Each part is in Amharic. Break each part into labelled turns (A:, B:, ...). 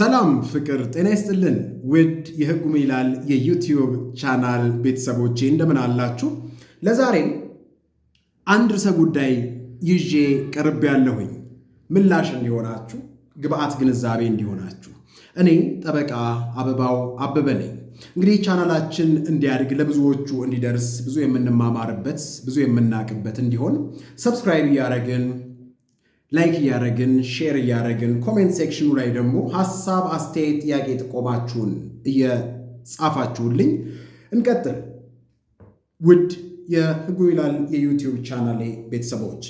A: ሰላም ፍቅር ጤና ይስጥልን። ውድ የሕጉ ይላል የዩቲዩብ ቻናል ቤተሰቦቼ እንደምን አላችሁ? ለዛሬም አንድ ርዕሰ ጉዳይ ይዤ ቀርብ ያለሁኝ ምላሽ እንዲሆናችሁ፣ ግብአት ግንዛቤ እንዲሆናችሁ። እኔ ጠበቃ አበባው አበበ ነኝ። እንግዲህ ቻናላችን እንዲያድግ ለብዙዎቹ እንዲደርስ ብዙ የምንማማርበት ብዙ የምናውቅበት እንዲሆን ሰብስክራይብ እያደረግን ላይክ እያደረግን ሼር እያደረግን ኮሜንት ሴክሽኑ ላይ ደግሞ ሀሳብ፣ አስተያየት፣ ጥያቄ ጥቆማችሁን እየጻፋችሁልኝ እንቀጥል። ውድ የህጉ ይላል የዩቲዩብ ቻናሌ ቤተሰቦች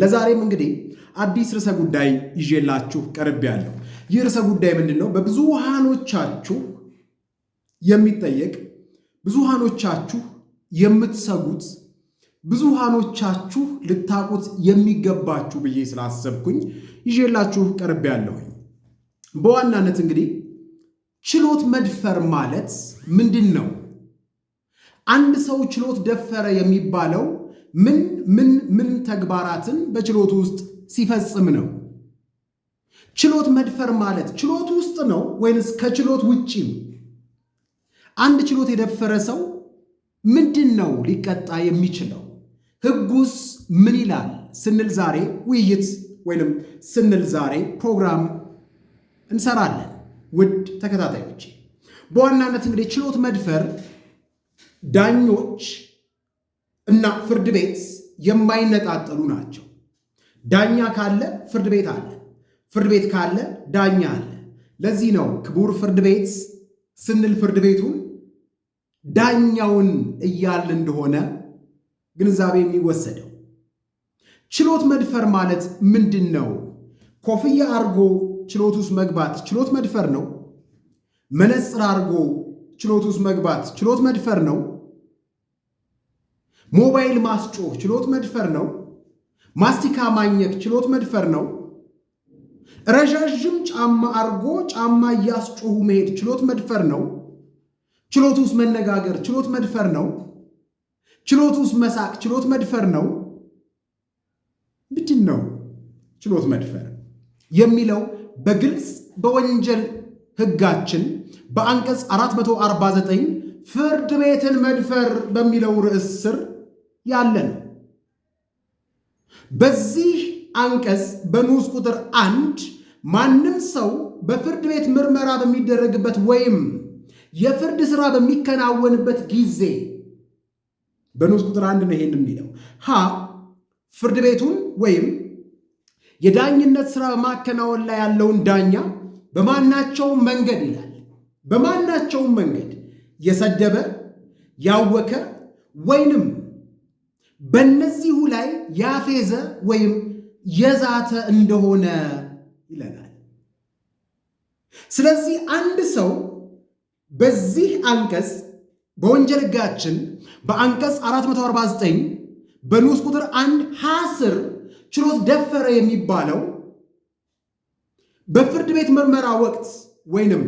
A: ለዛሬም እንግዲህ አዲስ ርዕሰ ጉዳይ ይዤላችሁ ያለው ይህ ርዕሰ ጉዳይ ምንድን ነው? በብዙሃኖቻችሁ የሚጠየቅ ብዙሃኖቻችሁ የምትሰጉት ብዙሃኖቻችሁ ልታቁት የሚገባችሁ ብዬ ስላሰብኩኝ ይዤላችሁ ቀርብ ያለሁኝ በዋናነት እንግዲህ ችሎት መድፈር ማለት ምንድን ነው? አንድ ሰው ችሎት ደፈረ የሚባለው ምን ምን ምን ተግባራትን በችሎት ውስጥ ሲፈጽም ነው? ችሎት መድፈር ማለት ችሎት ውስጥ ነው ወይንስ ከችሎት ውጪ? አንድ ችሎት የደፈረ ሰው ምንድን ነው ሊቀጣ የሚችለው? ህጉስ ምን ይላል ስንል ዛሬ ውይይት ወይንም ስንል ዛሬ ፕሮግራም እንሰራለን። ውድ ተከታታዮች በዋናነት እንግዲህ ችሎት መድፈር ዳኞች እና ፍርድ ቤት የማይነጣጠሉ ናቸው። ዳኛ ካለ ፍርድ ቤት አለ፣ ፍርድ ቤት ካለ ዳኛ አለ። ለዚህ ነው ክቡር ፍርድ ቤት ስንል ፍርድ ቤቱን ዳኛውን እያል እንደሆነ ግንዛቤ የሚወሰደው። ችሎት መድፈር ማለት ምንድን ነው? ኮፍያ አርጎ ችሎት ውስጥ መግባት ችሎት መድፈር ነው? መነጽር አርጎ ችሎት ውስጥ መግባት ችሎት መድፈር ነው? ሞባይል ማስጮህ ችሎት መድፈር ነው? ማስቲካ ማኘክ ችሎት መድፈር ነው? ረዣዥም ጫማ አርጎ ጫማ እያስጮሁ መሄድ ችሎት መድፈር ነው? ችሎት ውስጥ መነጋገር ችሎት መድፈር ነው? ችሎት ውስጥ መሳቅ ችሎት መድፈር ነው ምንድን ነው ችሎት መድፈር የሚለው በግልጽ በወንጀል ሕጋችን በአንቀጽ 449 ፍርድ ቤትን መድፈር በሚለው ርዕስ ስር ያለ ነው። በዚህ አንቀጽ በንዑስ ቁጥር አንድ ማንም ሰው በፍርድ ቤት ምርመራ በሚደረግበት ወይም የፍርድ ሥራ በሚከናወንበት ጊዜ በንዑስ ቁጥር አንድ ነው ይሄን የሚለው ሀ ፍርድ ቤቱን ወይም የዳኝነት ስራ በማከናወን ላይ ያለውን ዳኛ በማናቸውም መንገድ ይላል በማናቸውም መንገድ የሰደበ ያወከ ወይንም በእነዚሁ ላይ ያፌዘ ወይም የዛተ እንደሆነ ይለናል። ስለዚህ አንድ ሰው በዚህ አንቀጽ በወንጀል ሕጋችን በአንቀጽ 449 በንዑስ ቁጥር አንድ ሀ ስር ችሎት ደፈረ የሚባለው በፍርድ ቤት ምርመራ ወቅት ወይንም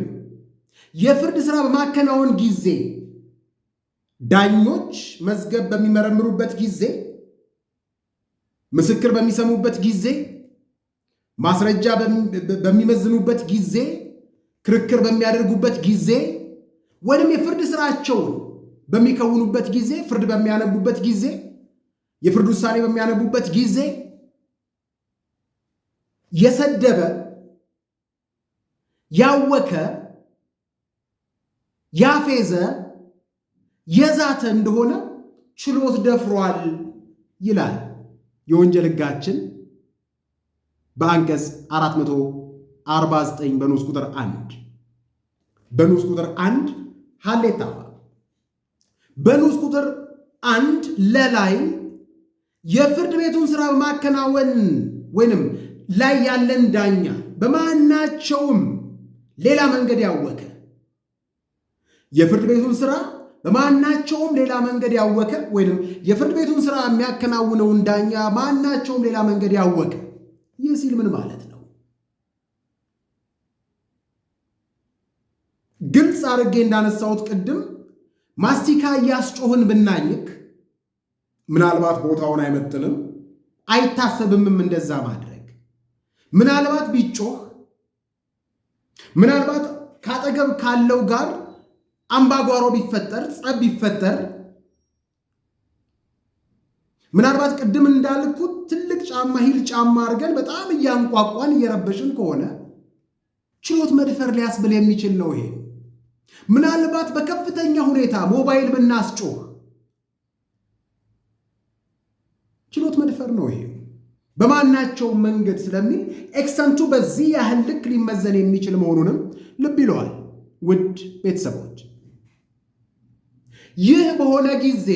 A: የፍርድ ሥራ በማከናወን ጊዜ ዳኞች መዝገብ በሚመረምሩበት ጊዜ፣ ምስክር በሚሰሙበት ጊዜ፣ ማስረጃ በሚመዝኑበት ጊዜ፣ ክርክር በሚያደርጉበት ጊዜ ወይም የፍርድ ስራቸውን በሚከውኑበት ጊዜ ፍርድ በሚያነቡበት ጊዜ የፍርድ ውሳኔ በሚያነቡበት ጊዜ የሰደበ ያወከ ያፌዘ የዛተ እንደሆነ ችሎት ደፍሯል ይላል የወንጀል ህጋችን በአንቀጽ 449 በንዑስ ቁጥር 1 በንዑስ ቁጥር 1 ሀሌታ በንዑስ ቁጥር አንድ ለላይ የፍርድ ቤቱን ስራ በማከናወን ወይንም ላይ ያለን ዳኛ በማናቸውም ሌላ መንገድ ያወከ የፍርድ ቤቱን ስራ በማናቸውም ሌላ መንገድ ያወከ ወይንም የፍርድ ቤቱን ስራ የሚያከናውነውን ዳኛ ማናቸውም ሌላ መንገድ ያወከ ይህ ሲል ምን ማለት ነው? ግልጽ አድርጌ እንዳነሳሁት ቅድም ማስቲካ እያስጮህን ብናኝክ ምናልባት ቦታውን አይመጥንም፣ አይታሰብምም እንደዛ ማድረግ። ምናልባት ቢጮህ ምናልባት ካጠገብ ካለው ጋር አምባጓሮ ቢፈጠር፣ ጸብ ቢፈጠር ምናልባት ቅድም እንዳልኩት ትልቅ ጫማ ሂል ጫማ አድርገን በጣም እያንቋቋን እየረበሽን ከሆነ ችሎት መድፈር ሊያስብል የሚችል ነው ይሄ። ምናልባት በከፍተኛ ሁኔታ ሞባይል ብናስጮህ ችሎት መድፈር ነው ይሄ በማናቸውም መንገድ ስለሚል ኤክሰንቱ በዚህ ያህል ልክ ሊመዘን የሚችል መሆኑንም ልብ ይለዋል። ውድ ቤተሰቦች፣ ይህ በሆነ ጊዜ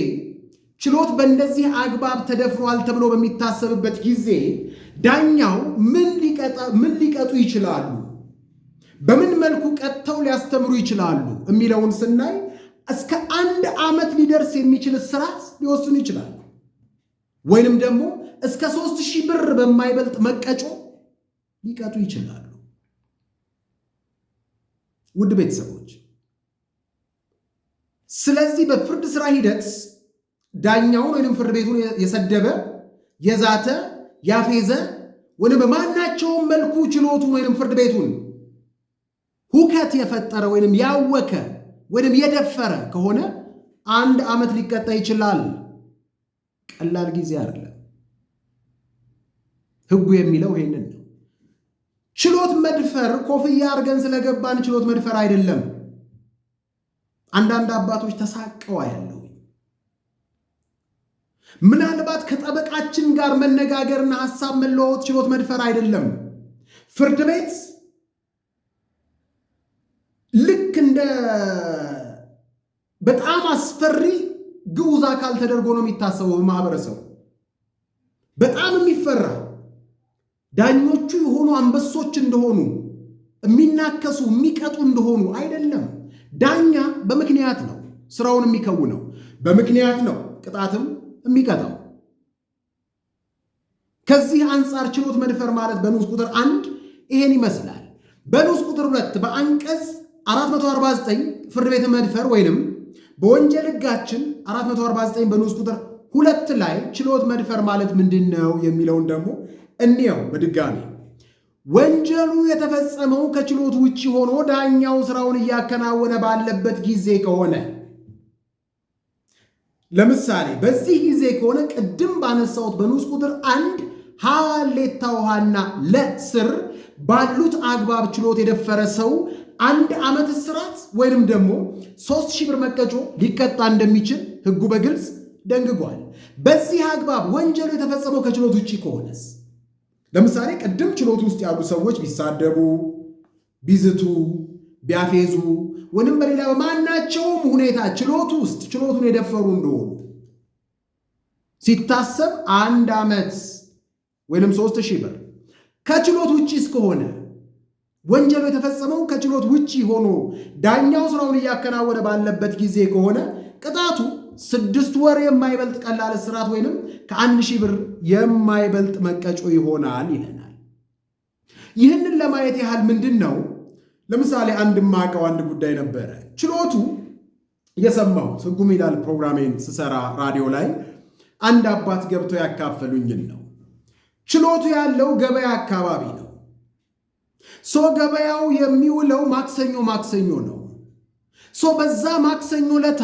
A: ችሎት በእንደዚህ አግባብ ተደፍሯል ተብሎ በሚታሰብበት ጊዜ ዳኛው ምን ሊቀጡ ይችላሉ? በምን መልኩ ቀጥተው ሊያስተምሩ ይችላሉ የሚለውን ስናይ እስከ አንድ ዓመት ሊደርስ የሚችል እስራት ሊወስኑ ይችላሉ። ወይንም ደግሞ እስከ ሶስት ሺህ ብር በማይበልጥ መቀጮ ሊቀጡ ይችላሉ። ውድ ቤተሰቦች፣ ስለዚህ በፍርድ ስራ ሂደት ዳኛውን ወይንም ፍርድ ቤቱን የሰደበ የዛተ ያፌዘ ወይንም በማናቸውም መልኩ ችሎቱን ወይንም ፍርድ ቤቱን ሁከት የፈጠረ ወይንም ያወከ ወይንም የደፈረ ከሆነ አንድ ዓመት ሊቀጣ ይችላል። ቀላል ጊዜ አይደለም። ህጉ የሚለው ይሄንን ነው። ችሎት መድፈር ኮፍያ አድርገን ስለገባን ችሎት መድፈር አይደለም። አንዳንድ አባቶች ተሳቀው ያለው ምናልባት ከጠበቃችን ጋር መነጋገርና ሀሳብ መለዋወጥ ችሎት መድፈር አይደለም። ፍርድ ቤት በጣም አስፈሪ ግዑዝ አካል ተደርጎ ነው የሚታሰበው ማህበረሰቡ። በጣም የሚፈራ ዳኞቹ የሆኑ አንበሶች እንደሆኑ የሚናከሱ የሚቀጡ እንደሆኑ አይደለም። ዳኛ በምክንያት ነው ስራውን የሚከውነው፣ በምክንያት ነው ቅጣትም የሚቀጣው። ከዚህ አንጻር ችሎት መድፈር ማለት በንዑስ ቁጥር አንድ ይሄን ይመስላል። በንዑስ ቁጥር ሁለት በአንቀጽ 449 ፍርድ ቤት መድፈር ወይንም በወንጀል ህጋችን 449 በንዑስ ቁጥር ሁለት ላይ ችሎት መድፈር ማለት ምንድን ነው የሚለውን ደግሞ እንየው በድጋሚ ወንጀሉ የተፈጸመው ከችሎት ውጭ ሆኖ ዳኛው ስራውን እያከናወነ ባለበት ጊዜ ከሆነ ለምሳሌ በዚህ ጊዜ ከሆነ ቅድም ባነሳሁት በንዑስ ቁጥር አንድ ሃሌታ ውሃና ለስር ባሉት አግባብ ችሎት የደፈረ ሰው አንድ ዓመት እስራት ወይንም ደግሞ ሶስት ሺህ ብር መቀጮ ሊቀጣ እንደሚችል ህጉ በግልጽ ደንግጓል። በዚህ አግባብ ወንጀሉ የተፈጸመው ከችሎት ውጭ ከሆነስ? ለምሳሌ ቅድም ችሎት ውስጥ ያሉ ሰዎች ቢሳደቡ፣ ቢዝቱ፣ ቢያፌዙ ወይም በሌላ በማናቸውም ሁኔታ ችሎት ውስጥ ችሎቱን የደፈሩ እንደሆኑ ሲታሰብ አንድ ዓመት ወይንም ሶስት ሺህ ብር ከችሎት ውጭ እስከሆነ ወንጀሉ የተፈጸመው ከችሎት ውጪ ሆኖ ዳኛው ስራውን እያከናወነ ባለበት ጊዜ ከሆነ ቅጣቱ ስድስት ወር የማይበልጥ ቀላል እስራት ወይንም ከአንድ ሺህ ብር የማይበልጥ መቀጮ ይሆናል ይለናል። ይህንን ለማየት ያህል ምንድን ነው ለምሳሌ አንድ ማቀው አንድ ጉዳይ ነበረ። ችሎቱ የሰማሁት ህጉም ይላል ፕሮግራሜን ስሰራ ራዲዮ ላይ አንድ አባት ገብተው ያካፈሉኝን ነው። ችሎቱ ያለው ገበያ አካባቢ ነው። ሶ ገበያው የሚውለው ማክሰኞ ማክሰኞ ነው። ሶ በዛ ማክሰኞ ለታ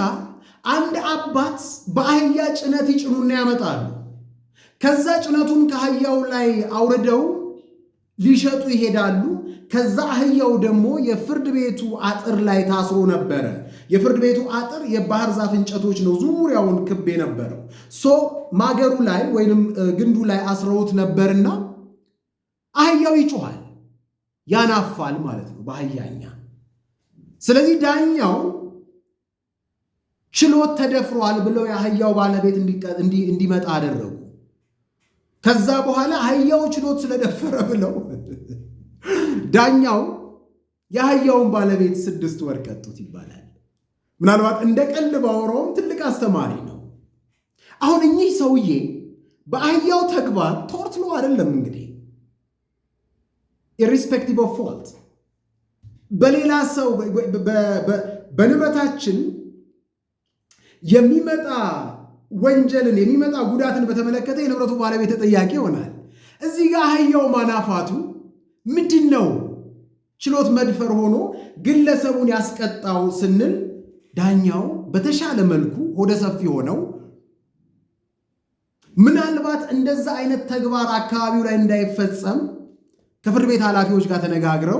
A: አንድ አባት በአህያ ጭነት ይጭኑና ያመጣሉ። ከዛ ጭነቱን ከአህያው ላይ አውርደው ሊሸጡ ይሄዳሉ። ከዛ አህያው ደግሞ የፍርድ ቤቱ አጥር ላይ ታስሮ ነበረ። የፍርድ ቤቱ አጥር የባህር ዛፍ እንጨቶች ነው፣ ዙሪያውን ክብ የነበረው ሶ ማገሩ ላይ ወይንም ግንዱ ላይ አስረውት ነበርና አህያው ይጮኋል። ያናፋል ማለት ነው በአህያኛ። ስለዚህ ዳኛው ችሎት ተደፍሯል ብለው የአህያው ባለቤት እንዲመጣ አደረጉ። ከዛ በኋላ አህያው ችሎት ስለደፈረ ብለው ዳኛው የአህያውን ባለቤት ስድስት ወር ቀጡት ይባላል። ምናልባት እንደ ቀል ባወራውም ትልቅ አስተማሪ ነው። አሁን እኚህ ሰውዬ በአህያው ተግባር ተወርትሎ አይደለም ኢሪስፔክቲቭ ኦፍ ፎልት በሌላ ሰው በንብረታችን የሚመጣ ወንጀልን የሚመጣ ጉዳትን በተመለከተ የንብረቱ ባለቤት ተጠያቂ ይሆናል። እዚህ ጋር አህያው ማናፋቱ ምንድን ነው? ችሎት መድፈር ሆኖ ግለሰቡን ያስቀጣው ስንል ዳኛው በተሻለ መልኩ ሆደ ሰፊ ሆነው ምናልባት እንደዛ አይነት ተግባር አካባቢው ላይ እንዳይፈጸም ከፍርድ ቤት ኃላፊዎች ጋር ተነጋግረው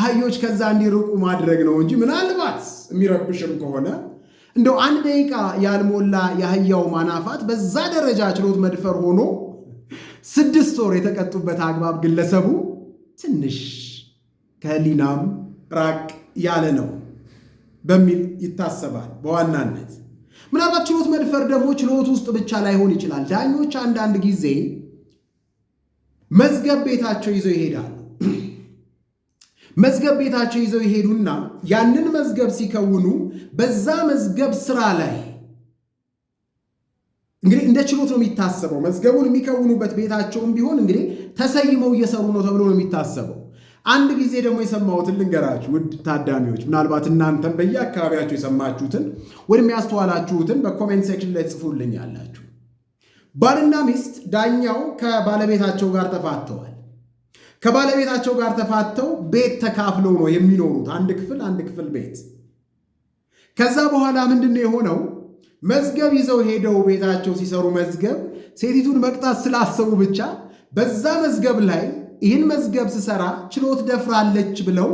A: አህዮች ከዛ እንዲርቁ ማድረግ ነው እንጂ ምናልባት የሚረብሽም ከሆነ እንደው አንድ ደቂቃ ያልሞላ የአህያው ማናፋት በዛ ደረጃ ችሎት መድፈር ሆኖ ስድስት ወር የተቀጡበት አግባብ ግለሰቡ ትንሽ ከህሊናም ራቅ ያለ ነው በሚል ይታሰባል። በዋናነት ምናልባት ችሎት መድፈር ደግሞ ችሎት ውስጥ ብቻ ላይሆን ይችላል። ዳኞች አንዳንድ ጊዜ መዝገብ ቤታቸው ይዘው ይሄዳሉ። መዝገብ ቤታቸው ይዘው ይሄዱና ያንን መዝገብ ሲከውኑ በዛ መዝገብ ስራ ላይ እንግዲህ እንደ ችሎት ነው የሚታሰበው። መዝገቡን የሚከውኑበት ቤታቸውም ቢሆን እንግዲህ ተሰይመው እየሰሩ ነው ተብሎ ነው የሚታሰበው። አንድ ጊዜ ደግሞ የሰማሁትን ልንገራችሁ፣ ውድ ታዳሚዎች፣ ምናልባት እናንተም በየአካባቢያቸው የሰማችሁትን ወይም ያስተዋላችሁትን በኮሜንት ሴክሽን ላይ ጽፉልኝ ያላችሁ ባልና ሚስት ዳኛው ከባለቤታቸው ጋር ተፋተዋል። ከባለቤታቸው ጋር ተፋተው ቤት ተካፍለው ነው የሚኖሩት፣ አንድ ክፍል አንድ ክፍል ቤት። ከዛ በኋላ ምንድን ነው የሆነው? መዝገብ ይዘው ሄደው ቤታቸው ሲሰሩ መዝገብ ሴቲቱን መቅጣት ስላሰቡ ብቻ በዛ መዝገብ ላይ ይህን መዝገብ ስሰራ ችሎት ደፍራለች ብለው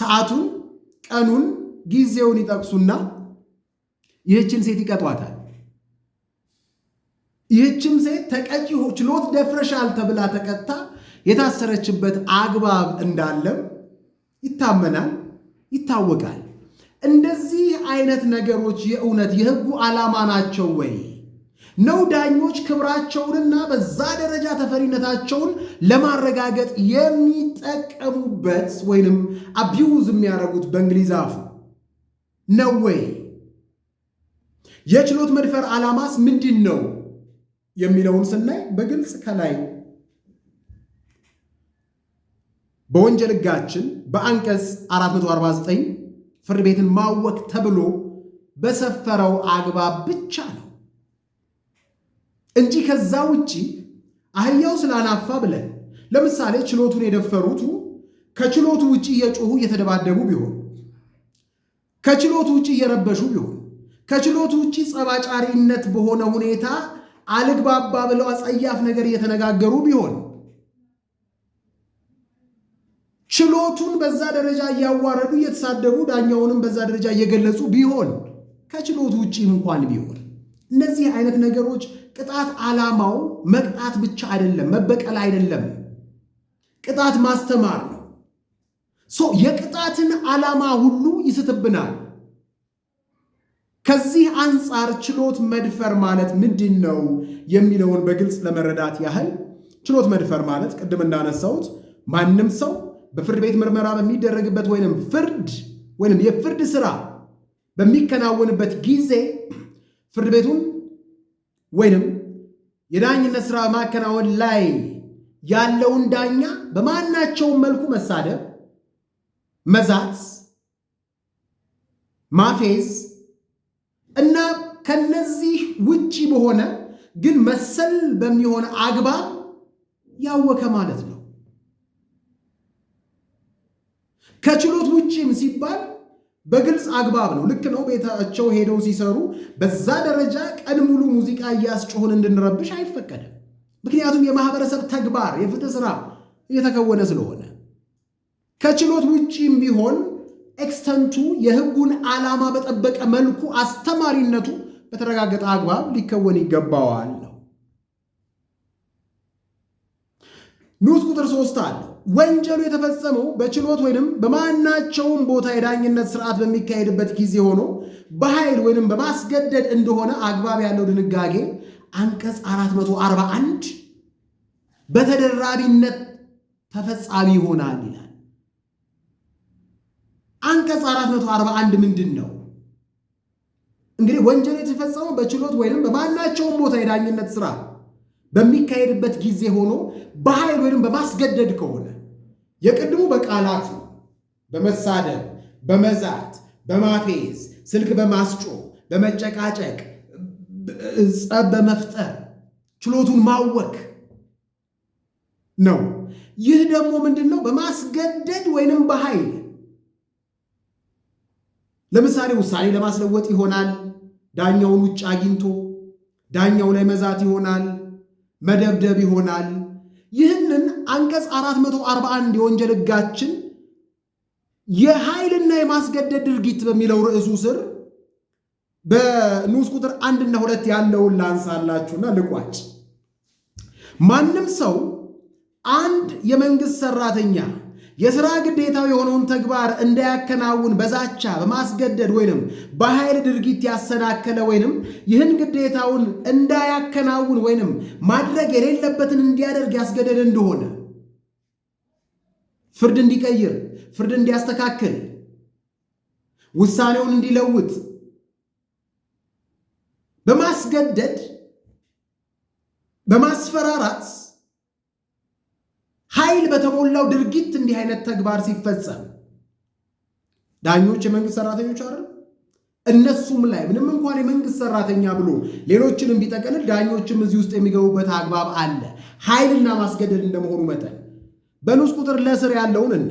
A: ሰዓቱን፣ ቀኑን፣ ጊዜውን ይጠቅሱና ይህችን ሴት ይቀጧታል። ይህችም ሴት ተቀጪ ችሎት ደፍረሻል ተብላ ተቀታ የታሰረችበት አግባብ እንዳለም ይታመናል፣ ይታወቃል። እንደዚህ አይነት ነገሮች የእውነት የህጉ ዓላማ ናቸው ወይ? ነው ዳኞች ክብራቸውንና በዛ ደረጃ ተፈሪነታቸውን ለማረጋገጥ የሚጠቀሙበት ወይንም አቢውዝ የሚያደርጉት በእንግሊዝ አፉ ነው ወይ? የችሎት መድፈር ዓላማስ ምንድን ነው? የሚለውን ስናይ በግልጽ ከላይ በወንጀል ሕጋችን በአንቀጽ 449 ፍርድ ቤትን ማወክ ተብሎ በሰፈረው አግባብ ብቻ ነው እንጂ ከዛ ውጪ አህያው ስላናፋ ብለን ለምሳሌ ችሎቱን የደፈሩቱ ከችሎቱ ውጪ እየጮሁ እየተደባደቡ ቢሆን፣ ከችሎቱ ውጪ እየረበሹ ቢሆን፣ ከችሎቱ ውጪ ጸባጫሪነት በሆነ ሁኔታ አልግባባ ብለው አጸያፍ ነገር እየተነጋገሩ ቢሆን ችሎቱን በዛ ደረጃ እያዋረዱ እየተሳደቡ ዳኛውንም በዛ ደረጃ እየገለጹ ቢሆን ከችሎቱ ውጪም እንኳን ቢሆን እነዚህ አይነት ነገሮች ቅጣት ዓላማው መቅጣት ብቻ አይደለም፣ መበቀል አይደለም። ቅጣት ማስተማር ነው። የቅጣትን ዓላማ ሁሉ ይስትብናል። ከዚህ አንጻር ችሎት መድፈር ማለት ምንድን ነው የሚለውን በግልጽ ለመረዳት ያህል ችሎት መድፈር ማለት ቅድም እንዳነሳሁት ማንም ሰው በፍርድ ቤት ምርመራ በሚደረግበት ወይንም ፍርድ ወይም የፍርድ ስራ በሚከናወንበት ጊዜ ፍርድ ቤቱን ወይንም የዳኝነት ስራ በማከናወን ላይ ያለውን ዳኛ በማናቸውም መልኩ መሳደብ፣ መዛት፣ ማፌዝ እና ከነዚህ ውጪ በሆነ ግን መሰል በሚሆነ አግባብ ያወከ ማለት ነው። ከችሎት ውጪም ሲባል በግልጽ አግባብ ነው። ልክ ነው። ቤታቸው ሄደው ሲሰሩ በዛ ደረጃ ቀን ሙሉ ሙዚቃ እያስጮሆን እንድንረብሽ አይፈቀድም። ምክንያቱም የማህበረሰብ ተግባር የፍትህ ስራ እየተከወነ ስለሆነ ከችሎት ውጪም ቢሆን ኤክስተንቱ የህጉን ዓላማ በጠበቀ መልኩ አስተማሪነቱ በተረጋገጠ አግባብ ሊከወን ይገባዋል ነው። ንዑስ ቁጥር ሶስት አለ ወንጀሉ የተፈጸመው በችሎት ወይንም በማናቸውም ቦታ የዳኝነት ስርዓት በሚካሄድበት ጊዜ ሆኖ በኃይል ወይንም በማስገደድ እንደሆነ አግባብ ያለው ድንጋጌ አንቀጽ 441 በተደራቢነት ተፈጻሚ ይሆናል ይላል። አንቀጽ 441 ምንድን ነው? እንግዲህ ወንጀል የተፈጸመው በችሎት ወይንም በማናቸውም ቦታ የዳኝነት ስራ በሚካሄድበት ጊዜ ሆኖ በኃይል ወይንም በማስገደድ ከሆነ የቅድሙ በቃላት ነው፣ በመሳደብ፣ በመዛት፣ በማፌዝ፣ ስልክ በማስጮ፣ በመጨቃጨቅ፣ ጸብ በመፍጠር ችሎቱን ማወክ ነው። ይህ ደግሞ ምንድን ነው? በማስገደድ ወይንም በኃይል ለምሳሌ ውሳኔ ለማስለወጥ ይሆናል። ዳኛውን ውጭ አግኝቶ ዳኛው ላይ መዛት ይሆናል፣ መደብደብ ይሆናል። ይህንን አንቀጽ 441 የወንጀል ሕጋችን የኃይልና የማስገደድ ድርጊት በሚለው ርዕሱ ስር በንዑስ ቁጥር አንድና ሁለት ያለውን ላንሳላችሁና ልቋጭ። ማንም ሰው አንድ የመንግስት ሰራተኛ። የሥራ ግዴታው የሆነውን ተግባር እንዳያከናውን በዛቻ በማስገደድ ወይንም በኃይል ድርጊት ያሰናከለ ወይንም ይህን ግዴታውን እንዳያከናውን ወይንም ማድረግ የሌለበትን እንዲያደርግ ያስገደደ እንደሆነ ፍርድ እንዲቀይር፣ ፍርድ እንዲያስተካክል፣ ውሳኔውን እንዲለውጥ በማስገደድ በማስፈራራት ኃይል በተሞላው ድርጊት እንዲህ አይነት ተግባር ሲፈጸም ዳኞች የመንግስት ሰራተኞች አይደል? እነሱም ላይ ምንም እንኳን የመንግስት ሰራተኛ ብሎ ሌሎችንም ቢጠቀልል ዳኞችም እዚህ ውስጥ የሚገቡበት አግባብ አለ። ኃይልና ማስገደድ እንደመሆኑ መጠን በንዑስ ቁጥር ለስር ያለውን እኔ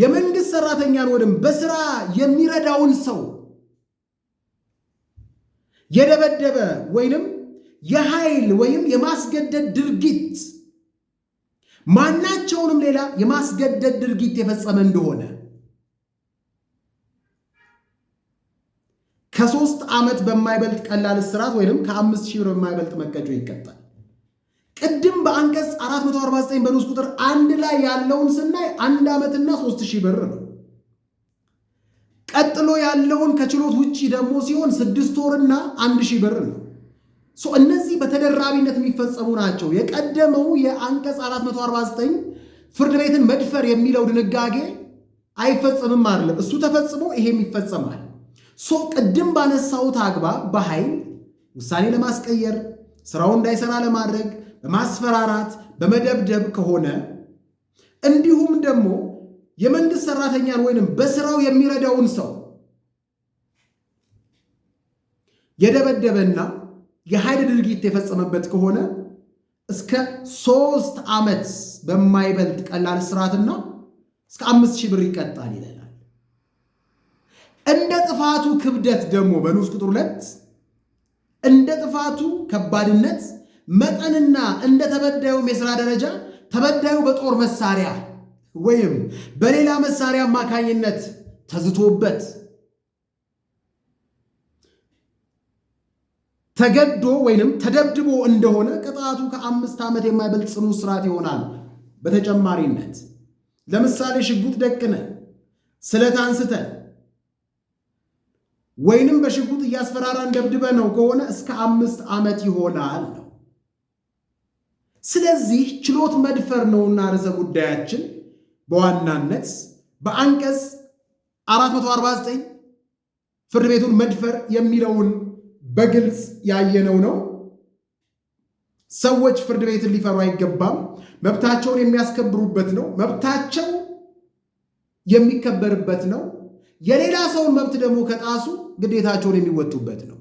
A: የመንግስት ሰራተኛን ወይም በስራ የሚረዳውን ሰው የደበደበ ወይንም የኃይል ወይም የማስገደድ ድርጊት ማናቸውንም ሌላ የማስገደድ ድርጊት የፈጸመ እንደሆነ ከሶስት ዓመት በማይበልጥ ቀላል እስራት ወይም ከአምስት ሺህ ብር በማይበልጥ መቀጮ ይቀጣል። ቅድም በአንቀጽ 449 በንዑስ ቁጥር አንድ ላይ ያለውን ስናይ አንድ ዓመትና ሶስት ሺህ ብር ነው። ቀጥሎ ያለውን ከችሎት ውጭ ደግሞ ሲሆን ስድስት ወርና አንድ ሺህ ብር ነው። እነዚህ በተደራቢነት የሚፈጸሙ ናቸው። የቀደመው የአንቀጽ 449 ፍርድ ቤትን መድፈር የሚለው ድንጋጌ አይፈጸምም አይደለም፣ እሱ ተፈጽሞ ይሄም ይፈጸማል። ሶ ቅድም ባነሳሁት አግባብ በኃይል ውሳኔ ለማስቀየር ስራውን እንዳይሰራ ለማድረግ በማስፈራራት በመደብደብ ከሆነ እንዲሁም ደግሞ የመንግስት ሰራተኛን ወይንም በስራው የሚረዳውን ሰው የደበደበና የኃይል ድርጊት የፈጸመበት ከሆነ እስከ ሶስት ዓመት በማይበልጥ ቀላል እስራትና እስከ አምስት ሺህ ብር ይቀጣል ይለናል። እንደ ጥፋቱ ክብደት ደግሞ በንዑስ ቁጥር ሁለት እንደ ጥፋቱ ከባድነት መጠንና እንደ ተበዳዩም የሥራ ደረጃ ተበዳዩ በጦር መሳሪያ ወይም በሌላ መሳሪያ አማካኝነት ተዝቶበት ተገዶ ወይንም ተደብድቦ እንደሆነ ቅጣቱ ከአምስት ዓመት የማይበልጥ ጽኑ እስራት ይሆናል። በተጨማሪነት ለምሳሌ ሽጉጥ ደቅነ፣ ስለት አንስተ ወይንም በሽጉጥ እያስፈራራን ደብድበ ነው ከሆነ እስከ አምስት ዓመት ይሆናል ነው። ስለዚህ ችሎት መድፈር ነውና ርዕሰ ጉዳያችን በዋናነት በአንቀጽ 449 ፍርድ ቤቱን መድፈር የሚለውን በግልጽ ያየነው ነው። ሰዎች ፍርድ ቤትን ሊፈሩ አይገባም። መብታቸውን የሚያስከብሩበት ነው። መብታቸው የሚከበርበት ነው። የሌላ ሰውን መብት ደግሞ ከጣሱ ግዴታቸውን የሚወጡበት ነው።